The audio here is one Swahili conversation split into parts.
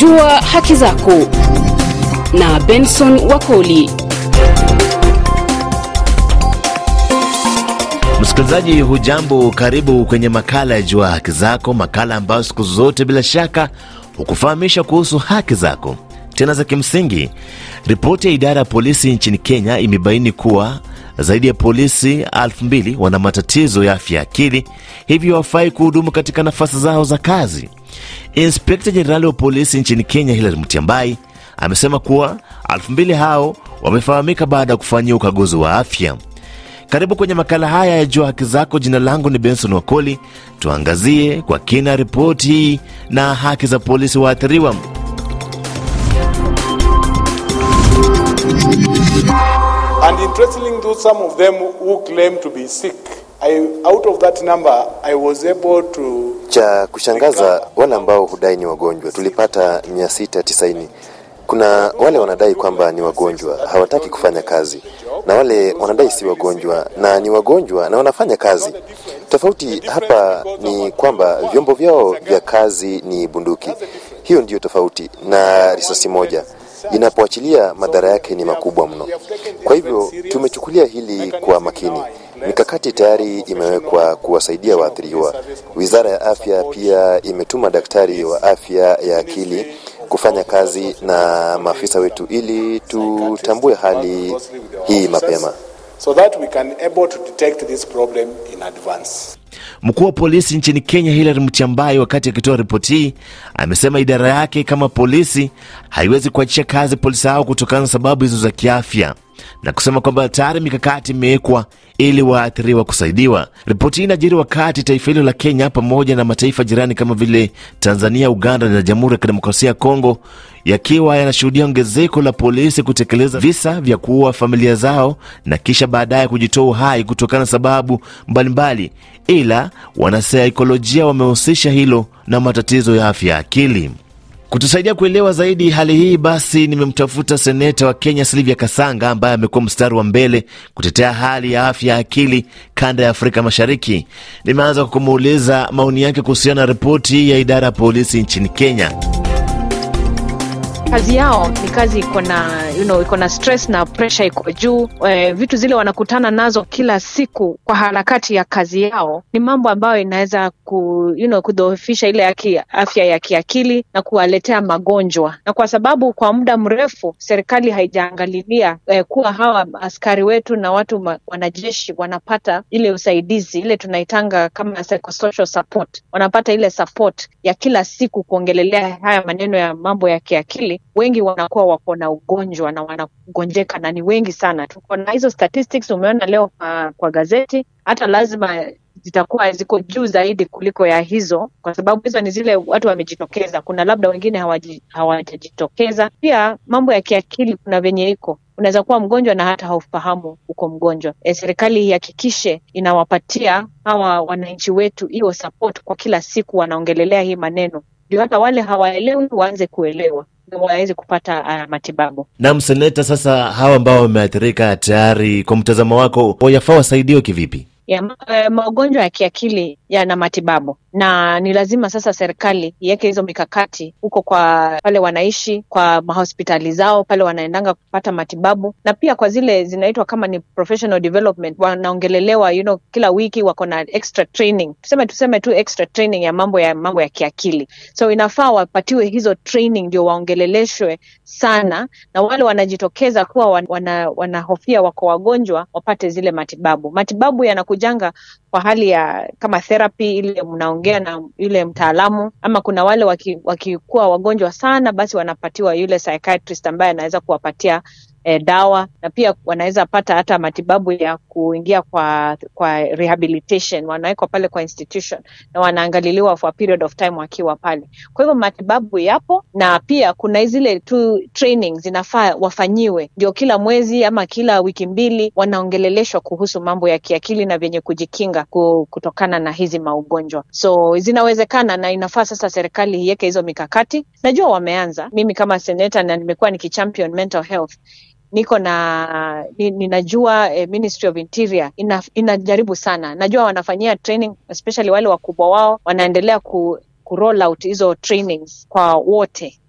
Jua haki zako na Benson Wakoli. Msikilizaji hujambo, karibu kwenye makala ya Jua Haki Zako, makala ambayo siku zote bila shaka hukufahamisha kuhusu haki zako tena za kimsingi. Ripoti ya idara ya polisi nchini Kenya imebaini kuwa zaidi ya polisi elfu mbili wana matatizo ya afya ya akili, hivyo hawafai kuhudumu katika nafasi zao za kazi. Inspekta Jenerali wa polisi nchini Kenya Hilary Mutyambai amesema kuwa elfu mbili hao wamefahamika baada ya kufanyia ukaguzi wa afya. Karibu kwenye makala haya ya Jua Haki Zako. Jina langu ni Benson Wakoli. Tuangazie kwa kina ripoti hii na haki za polisi waathiriwa. And interestingly, though some of them who claim to be sick, I, out of that number, I was able to... Cha kushangaza wale ambao hudai ni wagonjwa tulipata 690. Kuna wale wanadai kwamba ni wagonjwa hawataki kufanya kazi, na wale wanadai si wagonjwa na ni wagonjwa na wanafanya kazi. Tofauti hapa ni kwamba vyombo vyao vya kazi ni bunduki, hiyo ndiyo tofauti, na risasi moja inapoachilia, madhara yake ni makubwa mno. Kwa hivyo tumechukulia hili kwa makini. Mikakati tayari imewekwa kuwasaidia waathiriwa. Wizara ya Afya pia imetuma daktari wa afya ya akili kufanya kazi na maafisa wetu ili tutambue hali hii mapema so that we can able to detect this problem in advance. Mkuu wa polisi nchini Kenya Hilary Mutyambai, wakati akitoa ripoti hii, amesema idara yake kama polisi haiwezi kuachisha kazi polisi hao kutokana na sababu hizo za kiafya na kusema kwamba tayari mikakati imewekwa ili waathiriwa kusaidiwa. Ripoti hii inajiri wakati taifa hilo la Kenya pamoja na mataifa jirani kama vile Tanzania, Uganda na Jamhuri ya Kidemokrasia ya Kongo yakiwa yanashuhudia ongezeko la polisi kutekeleza visa vya kuua familia zao na kisha baadaye kujitoa uhai kutokana na sababu mbalimbali Ila wanasaikolojia wamehusisha hilo na matatizo ya afya ya akili. Kutusaidia kuelewa zaidi hali hii, basi nimemtafuta seneta wa Kenya Silvia Kasanga ambaye amekuwa mstari wa mbele kutetea hali ya afya ya akili kanda ya Afrika Mashariki. Nimeanza kwa kumuuliza maoni yake kuhusiana na ripoti ya idara ya polisi nchini Kenya kazi yao ni kazi iko na you know, iko na stress na pressure iko juu e, vitu zile wanakutana nazo kila siku kwa harakati ya kazi yao ni mambo ambayo inaweza ku, you know, kudhoofisha ile yaki, afya ya kiakili na kuwaletea magonjwa na kwa sababu kwa muda mrefu serikali haijaangalilia e, kuwa hawa askari wetu na watu ma, wanajeshi wanapata ile usaidizi ile tunaitanga kama support wanapata ile support ya kila siku kuongelelea haya maneno ya mambo ya kiakili wengi wanakuwa wako na ugonjwa na wanagonjeka na ni wengi sana. Tuko na hizo statistics umeona leo uh, kwa gazeti, hata lazima zitakuwa ziko juu zaidi kuliko ya hizo, kwa sababu hizo ni zile watu wamejitokeza. Kuna labda wengine hawajajitokeza. Pia mambo ya kiakili, kuna venye iko unaweza kuwa mgonjwa na hata haufahamu uko mgonjwa. E, serikali ihakikishe inawapatia hawa wananchi wetu hiyo support kwa kila siku, wanaongelelea hii maneno ndio hata wale hawaelewi waanze kuelewa waweze kupata uh, matibabu. Na mseneta, sasa hawa ambao wameathirika tayari, kwa mtazamo wako, wayafaa wasaidiwe kivipi? ya eh, magonjwa ya kiakili yana matibabu, na ni lazima sasa serikali iweke hizo mikakati huko kwa pale wanaishi, kwa mahospitali zao pale wanaendanga kupata matibabu, na pia kwa zile zinaitwa kama ni professional development, wanaongelelewa you know, kila wiki wako na extra training, tuseme tuseme tu extra training ya mambo ya mambo ya kiakili, so inafaa wapatiwe hizo training ndio waongeleleshwe sana, na wale wanajitokeza kuwa wanahofia wana wako wagonjwa wapate zile matibabu. Matibabu yanaku kujanga kwa hali ya kama therapy ile mnaongea na yule mtaalamu, ama kuna wale wakikuwa waki wagonjwa sana, basi wanapatiwa yule psychiatrist ambaye anaweza kuwapatia e, dawa na pia wanaweza pata hata matibabu ya kuingia kwa kwa rehabilitation, wanawekwa pale kwa institution na wanaangaliliwa for a period of time wakiwa pale. Kwa hivyo matibabu yapo, na pia kuna zile tu training zinafaa wafanyiwe, ndio kila mwezi ama kila wiki mbili wanaongeleleshwa kuhusu mambo ya kiakili na vyenye kujikinga kutokana na hizi maugonjwa. So zinawezekana na inafaa sasa serikali iweke hizo mikakati. Najua wameanza, mimi kama seneta na nimekuwa nikichampion mental health niko na ninajua eh, Ministry of Interior ina, inajaribu sana, najua wanafanyia training especially wale wakubwa wao wanaendelea ku, ku roll out hizo trainings kwa wote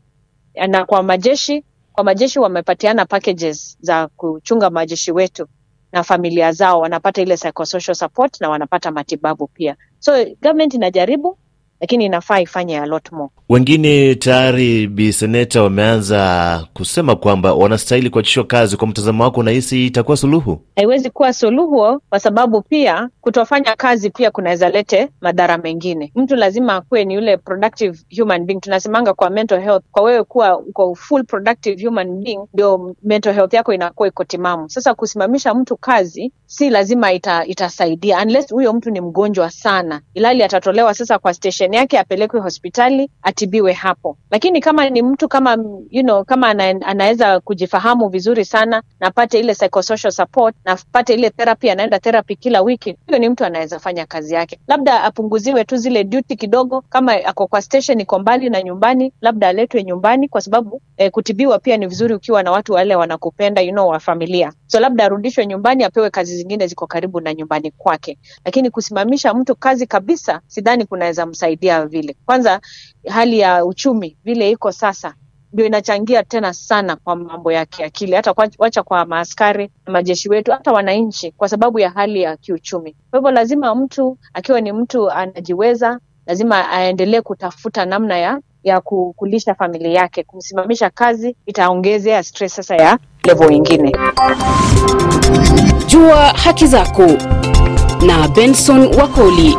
na kwa majeshi. Kwa majeshi wamepatiana packages za kuchunga majeshi wetu na familia zao, wanapata ile psychosocial support na wanapata matibabu pia. So government inajaribu lakini inafaa ifanye a lot more. Wengine tayari bi wameanza kusema kwamba wanastahili kuachishwa kazi. Kwa mtazamo wako, unahisi itakuwa suluhu? Haiwezi kuwa suluhu, kwa sababu pia kutofanya kazi pia kunaweza lete madhara mengine. Mtu lazima akuwe ni yule productive human being, tunasemanga kwa mental health. Kwa wewe kuwa uko full productive human being, ndio mental health yako inakuwa iko timamu. Sasa kusimamisha mtu kazi si lazima ita, itasaidia unless huyo mtu ni mgonjwa sana, ilali atatolewa sasa kwa station mashine yake apelekwe hospitali atibiwe hapo. Lakini kama ni mtu kama you know, kama ana, anaweza kujifahamu vizuri sana na apate ile psychosocial support na apate ile therapy, anaenda therapy kila wiki, huyo ni mtu anaweza fanya kazi yake. Labda apunguziwe tu zile duty kidogo, kama ako kwa station iko mbali na nyumbani, labda aletwe nyumbani, kwa sababu eh, kutibiwa pia ni vizuri ukiwa na watu wale wanakupenda you know, wa familia. So labda arudishwe nyumbani, apewe kazi zingine ziko karibu na nyumbani kwake, lakini kusimamisha mtu kazi kabisa, sidhani kunaweza msaidia kusaidia vile. Kwanza hali ya uchumi vile iko sasa ndio inachangia tena sana kwa mambo ya kiakili, hata kwa, wacha kwa maaskari na majeshi wetu, hata wananchi, kwa sababu ya hali ya kiuchumi. Kwa hivyo lazima mtu akiwa ni mtu anajiweza, lazima aendelee kutafuta namna ya ya kulisha familia yake. Kumsimamisha kazi itaongezea stress sasa ya levo nyingine. Jua haki zako na Benson Wakoli.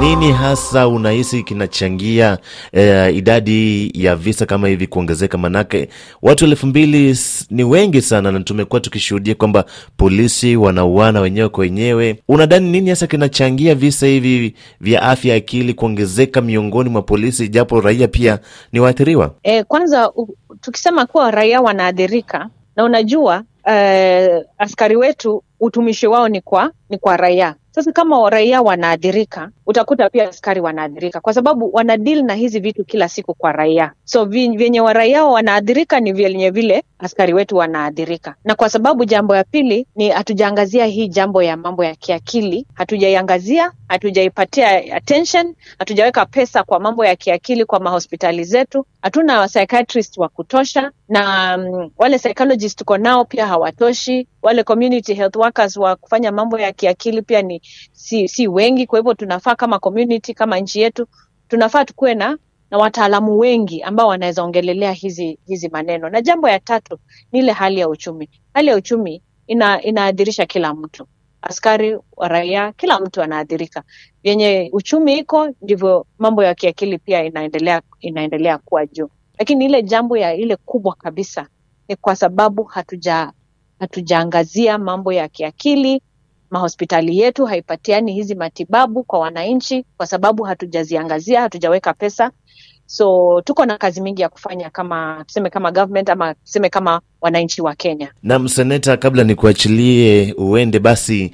Nini hasa unahisi kinachangia eh, idadi ya visa kama hivi kuongezeka? Manake watu elfu mbili ni wengi sana, na tumekuwa tukishuhudia kwamba polisi wanauana wenyewe kwa wenyewe. Unadhani nini hasa kinachangia visa hivi vya afya ya akili kuongezeka miongoni mwa polisi, japo raia pia ni waathiriwa? Eh, kwanza tukisema kuwa raia wanaathirika, na unajua eh, askari wetu utumishi wao ni kwa, ni kwa raia sasa kama raia wanaathirika, utakuta pia askari wanaathirika, kwa sababu wanadeal na hizi vitu kila siku kwa raia. So vyenye waraia wanaathirika ni vyenye vile askari wetu wanaathirika. Na kwa sababu jambo ya pili ni hatujaangazia hii jambo ya mambo ya kiakili, hatujaiangazia, hatujaipatia attention, hatujaweka pesa kwa mambo ya kiakili kwa mahospitali zetu, hatuna psychiatrist wa kutosha, na um, wale psychologist tuko nao pia hawatoshi, wale community health workers wa kufanya mambo ya kiakili pia ni si, si wengi. Kwa hivyo tunafaa kama community, kama nchi yetu tunafaa tukuwe na na wataalamu wengi ambao wanaweza ongelelea hizi hizi maneno. Na jambo ya tatu ni ile hali ya uchumi. Hali ya uchumi ina inaadhirisha kila mtu, askari wa raia, kila mtu anaadhirika. Vyenye uchumi iko ndivyo mambo ya kiakili pia inaendelea inaendelea kuwa juu, lakini ile jambo ya ile kubwa kabisa ni kwa sababu hatuja hatujaangazia mambo ya kiakili mahospitali yetu haipatiani hizi matibabu kwa wananchi kwa sababu hatujaziangazia, hatujaweka pesa. So tuko na kazi mingi ya kufanya kama tuseme kama government ama tuseme kama wananchi wa Kenya. Na mseneta, kabla nikuachilie uende basi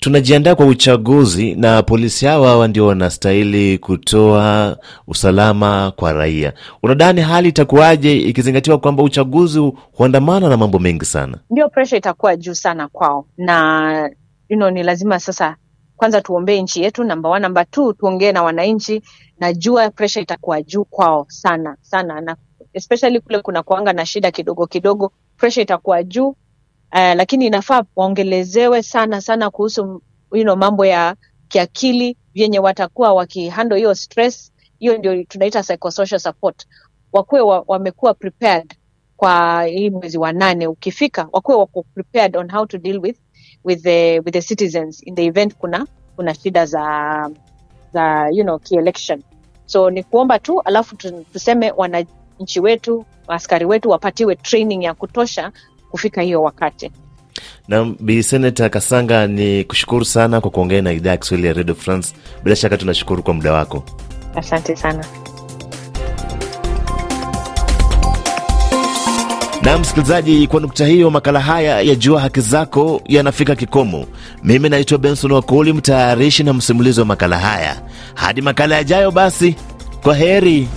tunajiandaa kwa uchaguzi na polisi hawa hawa ndio wanastahili kutoa usalama kwa raia. Unadhani hali itakuwaje ikizingatiwa kwamba uchaguzi huandamana na mambo mengi sana? Ndio, presha itakuwa juu sana kwao, na you know, ni lazima sasa kwanza tuombee nchi yetu namba one, namba two tuongee na wananchi. Najua presha itakuwa juu kwao sana sana, na especially kule kuna kuanga na shida kidogo kidogo, presha itakuwa juu uh, lakini inafaa waongelezewe sana sana kuhusu you know, mambo ya kiakili vyenye watakuwa wakihandle hiyo stress. Hiyo ndio tunaita psychosocial support, wakuwe wa, wamekuwa prepared kwa hii mwezi wa nane ukifika, wakuwe wako prepared on how to deal with with the, with the citizens in the event kuna kuna shida za za you know election so ni kuomba tu alafu tuseme wananchi wetu askari wetu wapatiwe training ya kutosha kufika hiyo wakati nam bi senata kasanga ni kushukuru sana kwa kuongea na idhaa ya kiswahili ya redio france bila shaka tunashukuru kwa muda wako asante sana Na msikilizaji, kwa nukta hiyo, makala haya ya Jua Haki Zako yanafika kikomo. Mimi naitwa Benson Wakoli, mtayarishi na msimulizi wa makala haya. Hadi makala yajayo, basi kwa heri.